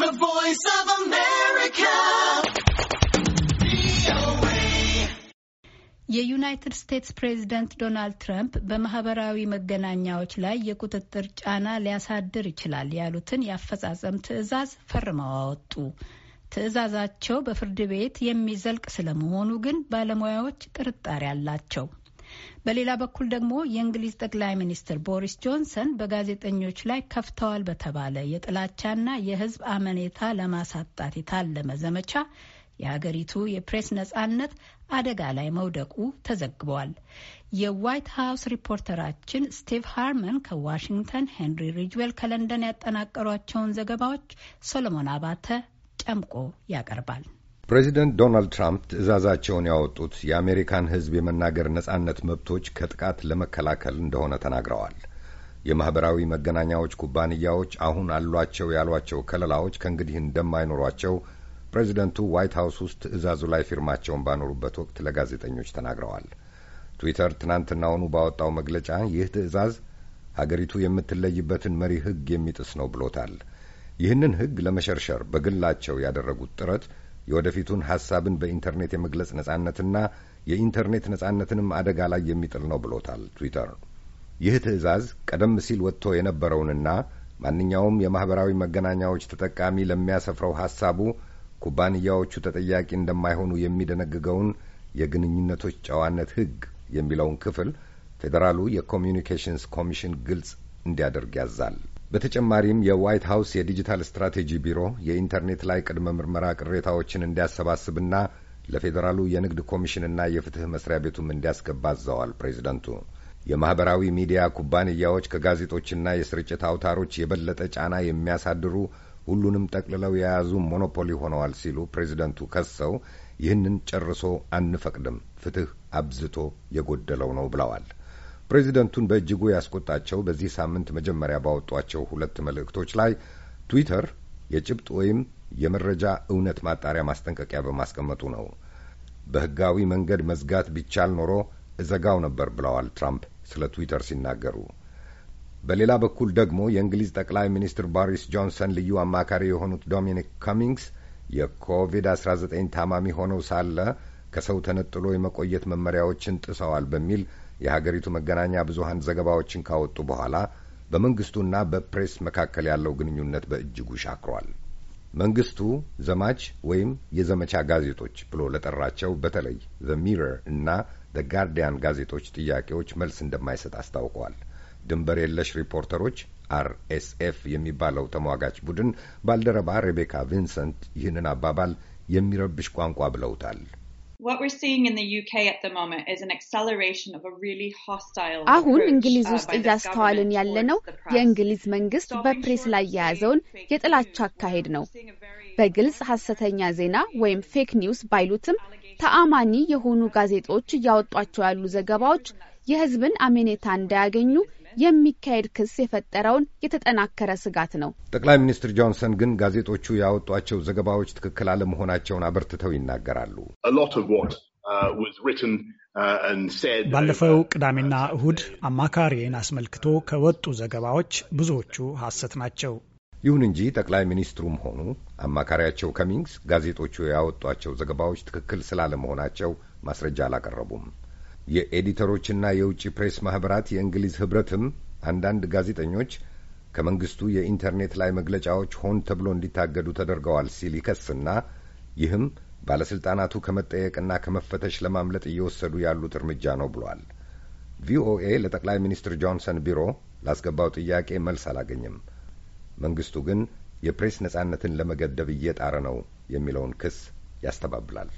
The Voice of America. የዩናይትድ ስቴትስ ፕሬዝደንት ዶናልድ ትራምፕ በማህበራዊ መገናኛዎች ላይ የቁጥጥር ጫና ሊያሳድር ይችላል ያሉትን የአፈጻጸም ትዕዛዝ ፈርመው አወጡ። ትዕዛዛቸው በፍርድ ቤት የሚዘልቅ ስለመሆኑ ግን ባለሙያዎች ጥርጣሬ አላቸው። በሌላ በኩል ደግሞ የእንግሊዝ ጠቅላይ ሚኒስትር ቦሪስ ጆንሰን በጋዜጠኞች ላይ ከፍተዋል በተባለ የጥላቻና የሕዝብ አመኔታ ለማሳጣት የታለመ ዘመቻ የሀገሪቱ የፕሬስ ነጻነት አደጋ ላይ መውደቁ ተዘግቧል። የዋይት ሀውስ ሪፖርተራችን ስቲቭ ሃርመን ከዋሽንግተን፣ ሄንሪ ሪጅዌል ከለንደን ያጠናቀሯቸውን ዘገባዎች ሶሎሞን አባተ ጨምቆ ያቀርባል። ፕሬዚደንት ዶናልድ ትራምፕ ትዕዛዛቸውን ያወጡት የአሜሪካን ሕዝብ የመናገር ነጻነት መብቶች ከጥቃት ለመከላከል እንደሆነ ተናግረዋል። የማኅበራዊ መገናኛዎች ኩባንያዎች አሁን አሏቸው ያሏቸው ከለላዎች ከእንግዲህ እንደማይኖሯቸው ፕሬዚደንቱ ዋይት ሀውስ ውስጥ ትዕዛዙ ላይ ፊርማቸውን ባኖሩበት ወቅት ለጋዜጠኞች ተናግረዋል። ትዊተር ትናንትናውኑ ባወጣው መግለጫ ይህ ትዕዛዝ ሀገሪቱ የምትለይበትን መሪ ሕግ የሚጥስ ነው ብሎታል። ይህንን ሕግ ለመሸርሸር በግላቸው ያደረጉት ጥረት የወደፊቱን ሀሳብን በኢንተርኔት የመግለጽ ነጻነትና የኢንተርኔት ነጻነትንም አደጋ ላይ የሚጥል ነው ብሎታል ትዊተር። ይህ ትዕዛዝ ቀደም ሲል ወጥቶ የነበረውንና ማንኛውም የማኅበራዊ መገናኛዎች ተጠቃሚ ለሚያሰፍረው ሐሳቡ ኩባንያዎቹ ተጠያቂ እንደማይሆኑ የሚደነግገውን የግንኙነቶች ጨዋነት ሕግ የሚለውን ክፍል ፌዴራሉ የኮሚዩኒኬሽንስ ኮሚሽን ግልጽ እንዲያደርግ ያዛል። በተጨማሪም የዋይት ሀውስ የዲጂታል ስትራቴጂ ቢሮ የኢንተርኔት ላይ ቅድመ ምርመራ ቅሬታዎችን እንዲያሰባስብና ለፌዴራሉ የንግድ ኮሚሽንና የፍትህ መስሪያ ቤቱም እንዲያስገባ አዘዋል። ፕሬዚደንቱ የማህበራዊ ሚዲያ ኩባንያዎች ከጋዜጦችና የስርጭት አውታሮች የበለጠ ጫና የሚያሳድሩ ሁሉንም ጠቅልለው የያዙ ሞኖፖሊ ሆነዋል ሲሉ ፕሬዚደንቱ ከሰው ይህንን ጨርሶ አንፈቅድም፣ ፍትህ አብዝቶ የጎደለው ነው ብለዋል። ፕሬዚደንቱን በእጅጉ ያስቆጣቸው በዚህ ሳምንት መጀመሪያ ባወጧቸው ሁለት መልእክቶች ላይ ትዊተር የጭብጥ ወይም የመረጃ እውነት ማጣሪያ ማስጠንቀቂያ በማስቀመጡ ነው። በሕጋዊ መንገድ መዝጋት ቢቻል ኖሮ እዘጋው ነበር ብለዋል ትራምፕ ስለ ትዊተር ሲናገሩ። በሌላ በኩል ደግሞ የእንግሊዝ ጠቅላይ ሚኒስትር ቦሪስ ጆንሰን ልዩ አማካሪ የሆኑት ዶሚኒክ ካሚንግስ የኮቪድ-19 ታማሚ ሆነው ሳለ ከሰው ተነጥሎ የመቆየት መመሪያዎችን ጥሰዋል በሚል የሀገሪቱ መገናኛ ብዙሀን ዘገባዎችን ካወጡ በኋላ በመንግስቱና በፕሬስ መካከል ያለው ግንኙነት በእጅጉ ሻክሯል። መንግስቱ ዘማች ወይም የዘመቻ ጋዜጦች ብሎ ለጠራቸው በተለይ ዘ ሚረር እና ዘ ጋርዲያን ጋዜጦች ጥያቄዎች መልስ እንደማይሰጥ አስታውቀዋል። ድንበር የለሽ ሪፖርተሮች አርኤስኤፍ የሚባለው ተሟጋች ቡድን ባልደረባ ሬቤካ ቪንሰንት ይህንን አባባል የሚረብሽ ቋንቋ ብለውታል። አሁን uh, እንግሊዝ ውስጥ እያስተዋልን ያለነው የእንግሊዝ መንግስት በፕሬስ ላይ የያዘውን የጥላቻ አካሄድ ነው። በግልጽ ሀሰተኛ ዜና ወይም ፌክ ኒውስ ባይሉትም ተአማኒ የሆኑ ጋዜጦች እያወጧቸው ያሉ ዘገባዎች የህዝብን አሜኔታ እንዳያገኙ የሚካሄድ ክስ የፈጠረውን የተጠናከረ ስጋት ነው። ጠቅላይ ሚኒስትር ጆንሰን ግን ጋዜጦቹ ያወጧቸው ዘገባዎች ትክክል አለመሆናቸውን አበርትተው ይናገራሉ። uh, uh, ባለፈው ቅዳሜና እሁድ አማካሪን አስመልክቶ ከወጡ ዘገባዎች ብዙዎቹ ሐሰት ናቸው። ይሁን እንጂ ጠቅላይ ሚኒስትሩም ሆኑ አማካሪያቸው ከሚንግስ ጋዜጦቹ ያወጧቸው ዘገባዎች ትክክል ስላለመሆናቸው ማስረጃ አላቀረቡም። የኤዲተሮችና የውጭ ፕሬስ ማኅበራት የእንግሊዝ ኅብረትም አንዳንድ ጋዜጠኞች ከመንግስቱ የኢንተርኔት ላይ መግለጫዎች ሆን ተብሎ እንዲታገዱ ተደርገዋል ሲል ይከስና ይህም ባለሥልጣናቱ ከመጠየቅና ከመፈተሽ ለማምለጥ እየወሰዱ ያሉት እርምጃ ነው ብሏል። ቪኦኤ ለጠቅላይ ሚኒስትር ጆንሰን ቢሮ ላስገባው ጥያቄ መልስ አላገኝም። መንግስቱ ግን የፕሬስ ነጻነትን ለመገደብ እየጣረ ነው የሚለውን ክስ ያስተባብላል።